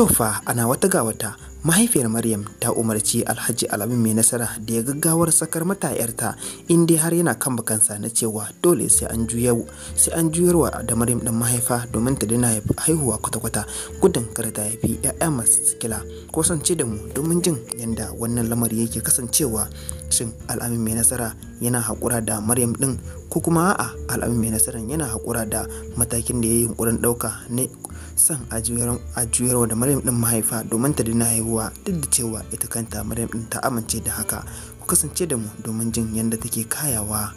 Tofa ana wata ga wata mahaifiyar Maryam ta umarci Alhaji Alamin mai nasara da ya gaggawar sakar mata yarta in dai har yana kan bakansa na cewa dole sai an juyar sai an juyarwa da Maryam dan mahaifa domin ta dina haihuwa kwata-kwata gudun kar ta haifi 'ya'ya masu sikila ko sance da mu domin jin yadda wannan lamari yake kasancewa shin al'amin mai nasara yana haƙura da maryam ɗin ko kuma a'a al'amin mai nasara yana haƙura da matakin da ya yi yunƙurin ɗauka ne san a da maryam ɗin mahaifa domin ta dina haihuwa duk da cewa ita kanta maryam ɗin ta amince da haka ku kasance da mu domin jin yadda take kayawa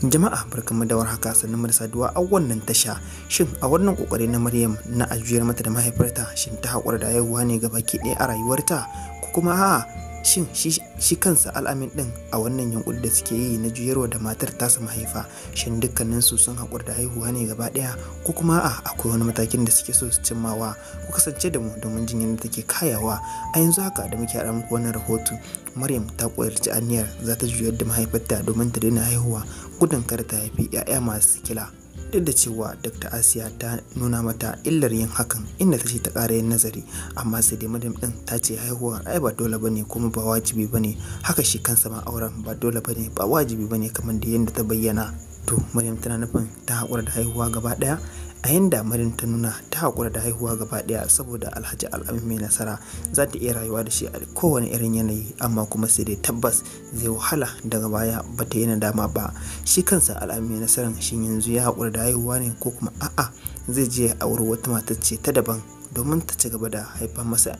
Jama'a barkanmu da warhaka sannan da saduwa a wannan tasha shin a wannan kokari na Maryam na ajiyar mata da mahaifarta shin ta haƙura da haihuwa ne gabaki ɗaya a rayuwarta ko kuma a shin shi kansa al'amin ɗin a wannan yankuri da suke yi na juyarwa da matar tasa mahaifa shin dukkanin su sun haƙura da haihuwa ne gaba ɗaya ko kuma a akwai wani matakin da suke so su cimmawa ku kasance da mu domin jin yadda take kayawa a yanzu haka da muke haɗa muku wannan rahoto Maryam ta koyarci aniyar za ta juyar da mahaifarta domin ta daina haihuwa gudun kar ta haifi 'ya'ya masu sikila duk da cewa dr asiya ta nuna mata illar yin hakan inda ta ce ta ƙara yin nazari amma sai dai madam ɗin ta ce haihuwa ai ba dole ba ne kuma ba wajibi ba ne haka shi kansa ma auren ba dole ba ne ba wajibi ba ne kamar da yadda ta bayyana to madam tana nufin ta haƙura da haihuwa gaba ɗaya a yin damarin ta nuna ta haƙura da haihuwa gaba ɗaya saboda alhaji al'amin mai nasara za ta iya rayuwa da shi a kowane irin yanayi amma kuma sai dai tabbas zai wahala daga baya ba ta yi nadama ba shi kansa al'amin mai nasaran shi yanzu ya haƙura da haihuwa ne ko kuma a'a zai je auri wata matacce ta daban domin ta ci gaba da haifar masa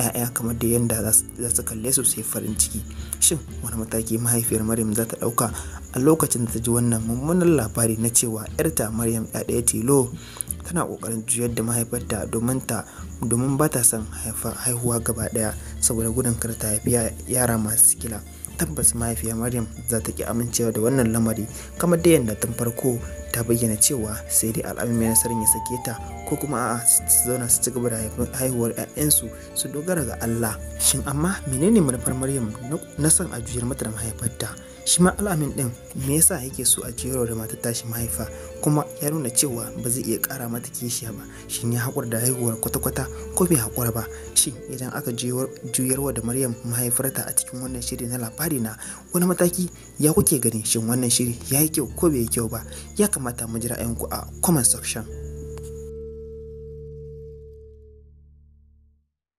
'ya'ya kamar da yadda za su kalle su sai farin ciki shin wani mataki mahaifiyar maryam za ta ɗauka a lokacin da ta ji wannan mummunan labari na cewa 'yarta maryam ya ɗaya tilo tana kokarin juyar da mahaifarta domin ta domin ba ta son haihuwa gaba ɗaya saboda gudun kar ta haifi yara masu sikila tabbas mahaifiyar maryam za ta ki amincewa da wannan lamari kamar da yadda tun farko ta bayyana cewa sai dai al'amin mai nasarar ya sake ta ko kuma a zauna su ci gaba da haihuwar 'ya'yansu su dogara ga Allah shin amma menene manufar Maryam na son ajiyar mata da mahaifarta shi ma al'amin din me yasa yake so a jero da matar tashi mahaifa kuma ya nuna cewa ba zai iya kara mata kishiya ba shin ya haƙura da haihuwar kwata-kwata ko bai haƙura ba shin idan aka juyarwa da Maryam mahaifarta a cikin wannan shiri na labari na wani mataki ya kuke gani shin wannan shiri ya yi kyau ko bai yi kyau ba ya kamata Mata mu jira ra'ayinku a comment section